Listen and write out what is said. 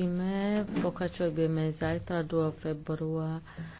končíme. Pokračujeme zajtra 2. februára.